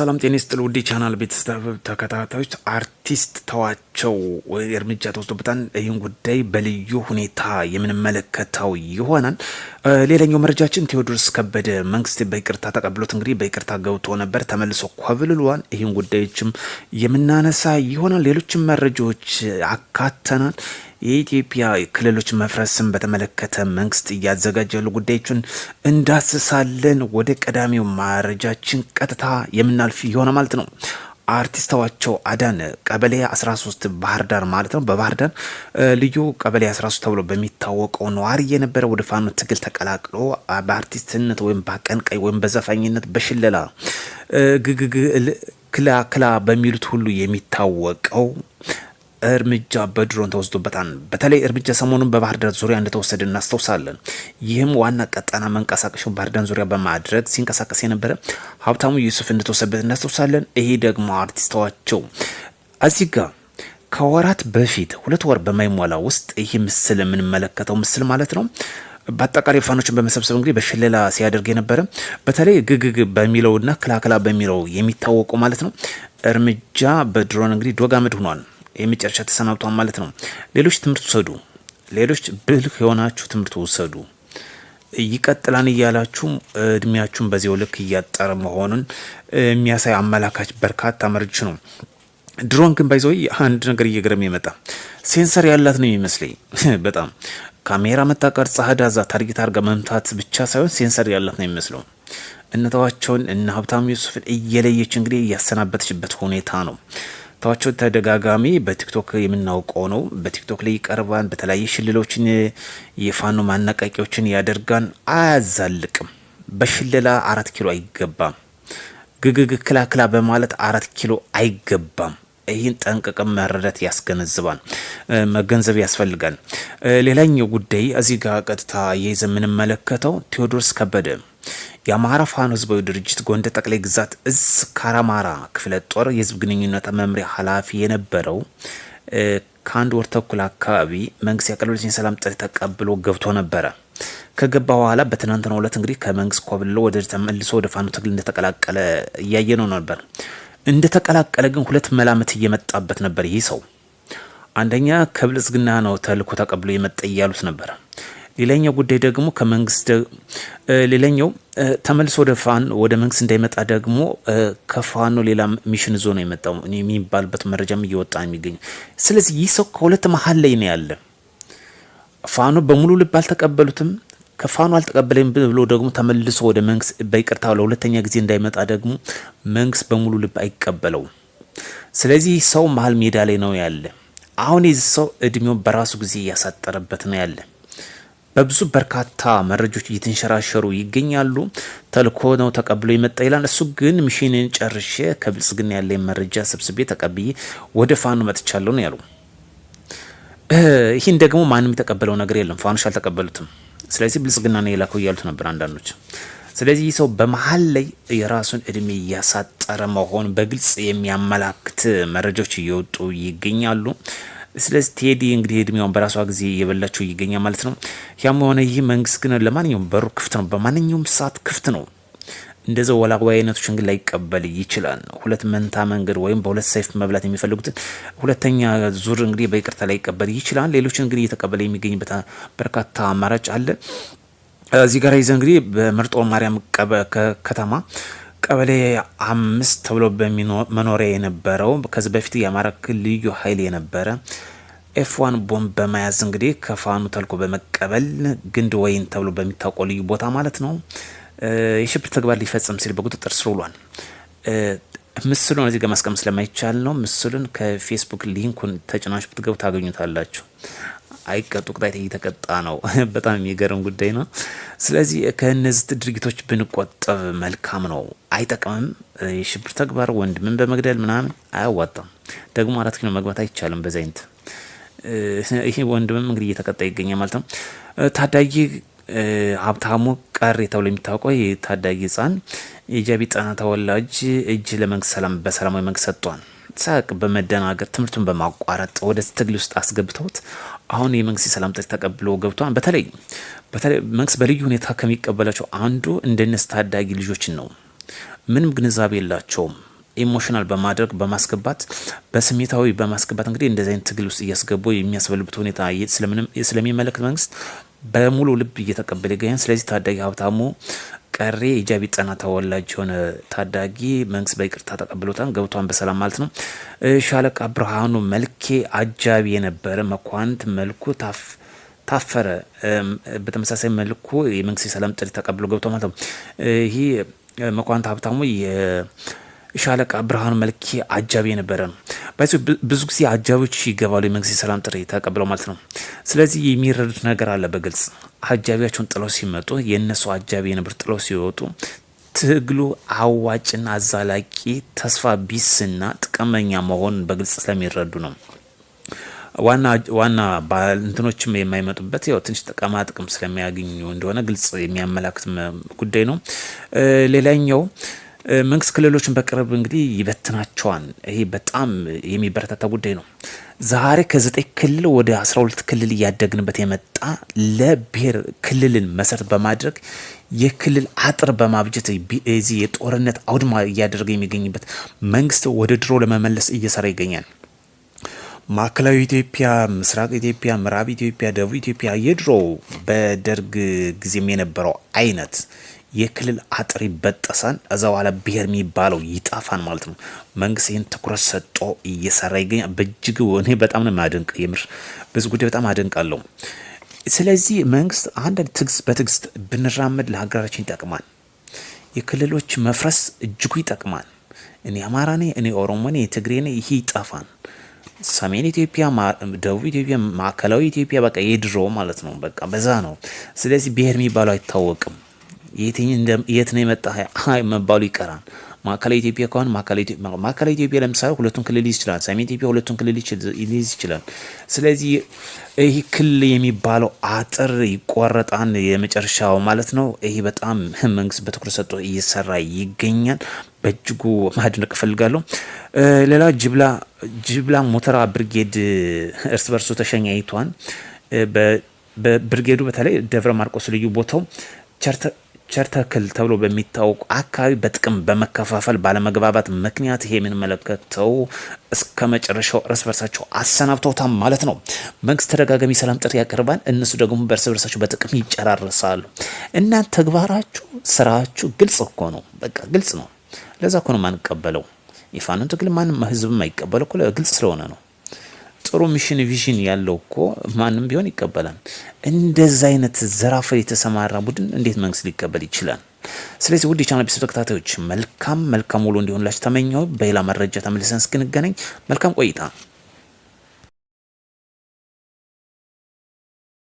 ሰላም ጤና ጥል ውድ ቻናል ቤተሰብ ተከታታዮች፣ አርቲስት ተዋቸው እርምጃ ተወስዶበታል። ይህን ጉዳይ በልዩ ሁኔታ የምንመለከተው ይሆናል። ሌላኛው መረጃችን ቴዎድሮስ ከበደ መንግስት በይቅርታ ተቀብሎት እንግዲህ በይቅርታ ገብቶ ነበር፣ ተመልሶ ኮብልሏል። ይህን ጉዳዮችም የምናነሳ ይሆናል። ሌሎችም መረጃዎች አካተናል። የኢትዮጵያ ክልሎች መፍረስን በተመለከተ መንግስት እያዘጋጀ ያሉ ጉዳዮችን እንዳስሳለን። ወደ ቀዳሚው መረጃችን ቀጥታ የምናልፍ የሆነ ማለት ነው። አርቲስታቸው አዳነ ቀበሌ 13 ባህር ዳር ማለት ነው። በባህር ዳር ልዩ ቀበሌ 13 ተብሎ በሚታወቀው ነዋሪ የነበረ ወደ ፋኖ ትግል ተቀላቅሎ በአርቲስትነት ወይም በአቀንቃይ ወይም በዘፋኝነት በሽለላ ግግግ ክላ ክላ በሚሉት ሁሉ የሚታወቀው እርምጃ በድሮን ተወስዶበታል። በተለይ እርምጃ ሰሞኑን በባህር ዳር ዙሪያ እንደተወሰደ እናስታውሳለን። ይህም ዋና ቀጠና መንቀሳቀሻው ባህር ዳር ዙሪያ በማድረግ ሲንቀሳቀስ የነበረ ሀብታሙ ዩሱፍ እንደተወሰደበት እናስታውሳለን። ይሄ ደግሞ አርቲስታቸው እዚህ ጋር ከወራት በፊት ሁለት ወር በማይሞላ ውስጥ ይህ ምስል የምንመለከተው ምስል ማለት ነው በአጠቃላይ ፋኖችን በመሰብሰብ እንግዲህ በሽለላ ሲያደርግ የነበረ በተለይ ግግግ በሚለውና ክላክላ በሚለው የሚታወቀው ማለት ነው እርምጃ በድሮን እንግዲህ ዶግ አመድ ሆኗል። የመጨረሻ ተሰናብቷል ማለት ነው። ሌሎች ትምህርት ውሰዱ። ሌሎች ብልህ የሆናችሁ ትምህርት ውሰዱ። ይቀጥላን እያላችሁ እድሜያችሁን በዚያው ልክ እያጠረ መሆኑን የሚያሳይ አመላካች በርካታ መርጅ ነው። ድሮን ግን ባይዘው አንድ ነገር እየገረም ይመጣ ሴንሰር ያላት ነው የሚመስለኝ። በጣም ካሜራ መታቀር ቀርጻ ታርጌት አድርጋ መምታት ብቻ ሳይሆን ሴንሰር ያላት ነው የሚመስለው። እነተዋቸውን እነ ሀብታሙ ዩሱፍን እየለየች እንግዲህ እያሰናበተችበት ሁኔታ ነው። ተዋቸው ተደጋጋሚ በቲክቶክ የምናውቀው ነው። በቲክቶክ ላይ ይቀርባን፣ በተለያየ ሽልሎችን የፋኖ ማነቃቂዎችን ያደርጋን። አያዛልቅም። በሽልላ አራት ኪሎ አይገባም። ግግግ ክላክላ በማለት አራት ኪሎ አይገባም። ይህን ጠንቅቅም መረዳት ያስገነዝባል፣ መገንዘብ ያስፈልጋል። ሌላኛው ጉዳይ እዚህ ጋር ቀጥታ የይዘ የምንመለከተው ቴዎድሮስ ከበደ የአማራ ፋኖ ህዝባዊ ድርጅት ጎንደር ጠቅላይ ግዛት እዝ ካራማራ ክፍለ ጦር የህዝብ ግንኙነት መምሪያ ኃላፊ የነበረው ከአንድ ወር ተኩል አካባቢ መንግስት ያቀረበለትን የሰላም ጥሪ ተቀብሎ ገብቶ ነበረ። ከገባ በኋላ በትናንትናው ዕለት እንግዲህ ከመንግስት ኮብልሎ ወደ ተመልሶ ወደ ፋኖ ትግል እንደተቀላቀለ እያየ ነው ነበር። እንደተቀላቀለ ግን ሁለት መላመት እየመጣበት ነበር። ይህ ሰው አንደኛ ከብልጽግና ነው ተልእኮ ተቀብሎ የመጣ እያሉት ነበር። ሌላኛው ጉዳይ ደግሞ ከመንግስት ሌላኛው ተመልሶ ወደ ፋኖ ወደ መንግስት እንዳይመጣ ደግሞ ከፋኖ ሌላ ሚሽን ዞ ነው የመጣው የሚባልበት መረጃም እየወጣ የሚገኝ። ስለዚህ ይህ ሰው ከሁለት መሀል ላይ ነው ያለ። ፋኖ በሙሉ ልብ አልተቀበሉትም። ከፋኖ አልተቀበለኝ ብሎ ደግሞ ተመልሶ ወደ መንግስት በይቅርታ ለሁለተኛ ጊዜ እንዳይመጣ ደግሞ መንግስት በሙሉ ልብ አይቀበለው። ስለዚህ ሰው መሀል ሜዳ ላይ ነው ያለ። አሁን የዚህ ሰው እድሜው በራሱ ጊዜ እያሳጠረበት ነው ያለ። በብዙ በርካታ መረጃዎች እየተንሸራሸሩ ይገኛሉ። ተልኮ ነው ተቀብሎ የመጣ ይላል። እሱ ግን ሚሽንን ጨርሼ ከብልጽግና ያለኝ መረጃ ሰብስቤ ተቀብዬ ወደ ፋኖ መጥቻለሁ ነው ያሉ። ይህን ደግሞ ማንም የተቀበለው ነገር የለም። ፋኖች አልተቀበሉትም። ስለዚህ ብልጽግና ነው የላከው እያሉት ነበር አንዳንዶች። ስለዚህ ይህ ሰው በመሀል ላይ የራሱን እድሜ እያሳጠረ መሆን በግልጽ የሚያመላክት መረጃዎች እየወጡ ይገኛሉ። ስለዚህ ቴዲ እንግዲህ እድሜውን በራሷ ጊዜ እየበላቸው ይገኛል ማለት ነው። ያም የሆነ ይህ መንግስት ግን ለማንኛውም በሩ ክፍት ነው፣ በማንኛውም ሰዓት ክፍት ነው። እንደዚው ወላዋይ አይነቶችን ግን ላይቀበል ይችላል። ሁለት መንታ መንገድ ወይም በሁለት ሰይፍ መብላት የሚፈልጉትን ሁለተኛ ዙር እንግዲህ በይቅርታ ላይቀበል ይችላል። ሌሎችን እንግዲህ እየተቀበለ የሚገኝበት በርካታ አማራጭ አለ። እዚህ ጋር ይዘ እንግዲህ በመርጦ ማርያም ከተማ ቀበሌ አምስት ተብሎ በመኖሪያ የነበረው ከዚህ በፊት የአማራ ክልል ልዩ ኃይል የነበረ ኤፍዋን ቦምብ በመያዝ እንግዲህ ከፋኑ ተልኮ በመቀበል ግንድ ወይን ተብሎ በሚታወቀው ልዩ ቦታ ማለት ነው የሽብር ተግባር ሊፈጽም ሲል በቁጥጥር ስር ውሏል። ምስሉን እዚህ ጋር ማስቀመጥ ስለማይቻል ነው። ምስሉን ከፌስቡክ ሊንኩን ተጭናችሁ ብትገቡ ታገኙታላችሁ። አይቀጡ ቅጣት እየተቀጣ ነው። በጣም የሚገርም ጉዳይ ነው። ስለዚህ ከእነዚህ ድርጊቶች ብንቆጠብ መልካም ነው። አይጠቅምም። የሽብር ተግባር ወንድምን በመግደል ምናምን አያዋጣም። ደግሞ አራት ኪሎ መግባት አይቻልም። በዚህ አይነት ይህ ወንድምም እንግዲህ እየተቀጣ ይገኛል ማለት ነው። ታዳጊ ሀብታሙ ቀሬ ተብሎ የሚታወቀው ታዳጊ ሕፃን የጃቢ ጠና ተወላጅ እጅ ለመንግስት በሰላማዊ መንግስት ሰጥቷል። ሳያቅ በመደናገጥ ትምህርቱን በማቋረጥ ወደ ትግል ውስጥ አስገብተውት አሁን የመንግስት የሰላም ጥሪ ተቀብሎ ገብቷል። በተለይ መንግስት በልዩ ሁኔታ ከሚቀበላቸው አንዱ እንደነስ ታዳጊ ልጆችን ነው። ምንም ግንዛቤ የላቸውም። ኢሞሽናል በማድረግ በማስገባት በስሜታዊ በማስገባት እንግዲህ እንደዚህ አይነት ትግል ውስጥ እያስገቡ የሚያስበልብት ሁኔታ ስለሚመለከት መንግስት በሙሉ ልብ እየተቀበለ ይገኛል። ስለዚህ ታዳጊ ሀብታሙ ቀሬ የጃቢ ጠና ተወላጅ የሆነ ታዳጊ መንግስት በይቅርታ ተቀብሎታል፣ ገብቷን በሰላም ማለት ነው። ሻለቃ ብርሃኑ መልኬ አጃቢ የነበረ መኳንት መልኩ ታፍ ታፈረ በተመሳሳይ መልኩ የመንግስት የሰላም ጥሪ ተቀብሎ ገብቶ ማለት ነው። ይህ መኳንት ሀብታሙ የሻለቃ ብርሃኑ መልኬ አጃቢ የነበረ ነው። ብዙ ጊዜ አጃቢዎች ይገባሉ የመንግስት የሰላም ጥሪ ተቀብለው ማለት ነው። ስለዚህ የሚረዱት ነገር አለ። በግልጽ አጃቢያቸውን ጥለው ሲመጡ የእነሱ አጃቢ ንብር ጥለው ሲወጡ ትግሉ አዋጭና አዛላቂ ተስፋ ቢስና ጥቅመኛ መሆኑን በግልጽ ስለሚረዱ ነው። ዋና ዋና እንትኖችም የማይመጡበት ያው ትንሽ ጥቅማ ጥቅም ስለሚያገኙ እንደሆነ ግልጽ የሚያመላክት ጉዳይ ነው። ሌላኛው መንግስት ክልሎችን በቅርብ እንግዲህ ይበትናቸዋል። ይሄ በጣም የሚበረታታ ጉዳይ ነው። ዛሬ ከዘጠኝ ክልል ወደ 12 ክልል እያደግንበት የመጣ ለብሔር ክልልን መሰረት በማድረግ የክልል አጥር በማብጀት ዚህ የጦርነት አውድማ እያደረገ የሚገኝበት መንግስት ወደ ድሮ ለመመለስ እየሰራ ይገኛል። ማዕከላዊ ኢትዮጵያ፣ ምስራቅ ኢትዮጵያ፣ ምዕራብ ኢትዮጵያ፣ ደቡብ ኢትዮጵያ የድሮ በደርግ ጊዜም የነበረው አይነት የክልል አጥር ይበጠሳል። እዛ በኋላ ብሔር የሚባለው ይጠፋን ማለት ነው። መንግስት ይህን ትኩረት ሰጥቶ እየሰራ ይገኛል። በእጅግ እኔ በጣም ነው ማደንቅ፣ የምር ብዙ ጉዳይ በጣም አደንቃለሁ። ስለዚህ መንግስት አንዳንድ ትግስት በትግስት ብንራመድ ለሀገራችን ይጠቅማል። የክልሎች መፍረስ እጅጉ ይጠቅማል። እኔ አማራ ነኝ፣ እኔ ኦሮሞ ነኝ፣ የትግሬ ነኝ፣ ይሄ ይጠፋን። ሰሜን ኢትዮጵያ፣ ደቡብ ኢትዮጵያ፣ ማዕከላዊ ኢትዮጵያ በቃ የድሮ ማለት ነው። በቃ በዛ ነው። ስለዚህ ብሔር የሚባለው አይታወቅም። የት ነው የመጣ መባሉ ይቀራል። ማዕከላዊ ኢትዮጵያ ከሆን ማዕከላዊ ኢትዮጵያ ለምሳሌ ሁለቱን ክልል ይዝ ይችላል። ሰሜን ኢትዮጵያ ሁለቱን ክልል ይዝ ይችላል። ስለዚህ ይህ ክልል የሚባለው አጥር ይቆረጣን የመጨረሻው ማለት ነው። ይህ በጣም መንግስት በትኩረት ሰጥቶ እየሰራ ይገኛል። በእጅጉ ማድነቅ እፈልጋለሁ። ሌላ ጅብላ ጅብላ ሞተራ ብርጌድ እርስ በርሱ ተሸኛይቷን በብርጌዱ በተለይ ደብረ ማርቆስ ልዩ ቦታው ቸርተ ቸርተክል ተብሎ በሚታወቁ አካባቢ በጥቅም በመከፋፈል ባለመግባባት ምክንያት ይሄ የምንመለከተው እስከ መጨረሻው እርስ በርሳቸው አሰናብተውታም ማለት ነው። መንግስት ተደጋጋሚ ሰላም ጥሪ ያቀርባል፣ እነሱ ደግሞ በእርስ በርሳቸው በጥቅም ይጨራርሳሉ። እና ተግባራችሁ፣ ስራችሁ ግልጽ እኮ ነው። በቃ ግልጽ ነው። ለዛ እኮ ነው ማንቀበለው። የፋኖን ትግል ማንም ህዝብም አይቀበለው ግልጽ ስለሆነ ነው። ጥሩ ሚሽን ቪዥን ያለው እኮ ማንም ቢሆን ይቀበላል። እንደዛ አይነት ዘራፍ የተሰማራ ቡድን እንዴት መንግስት ሊቀበል ይችላል? ስለዚህ ውድ የቻናል ቤተሰብ ተከታታዮች መልካም መልካም ውሎ እንዲሆንላችሁ ተመኘው። በሌላ መረጃ ተመልሰን እስክንገናኝ መልካም ቆይታ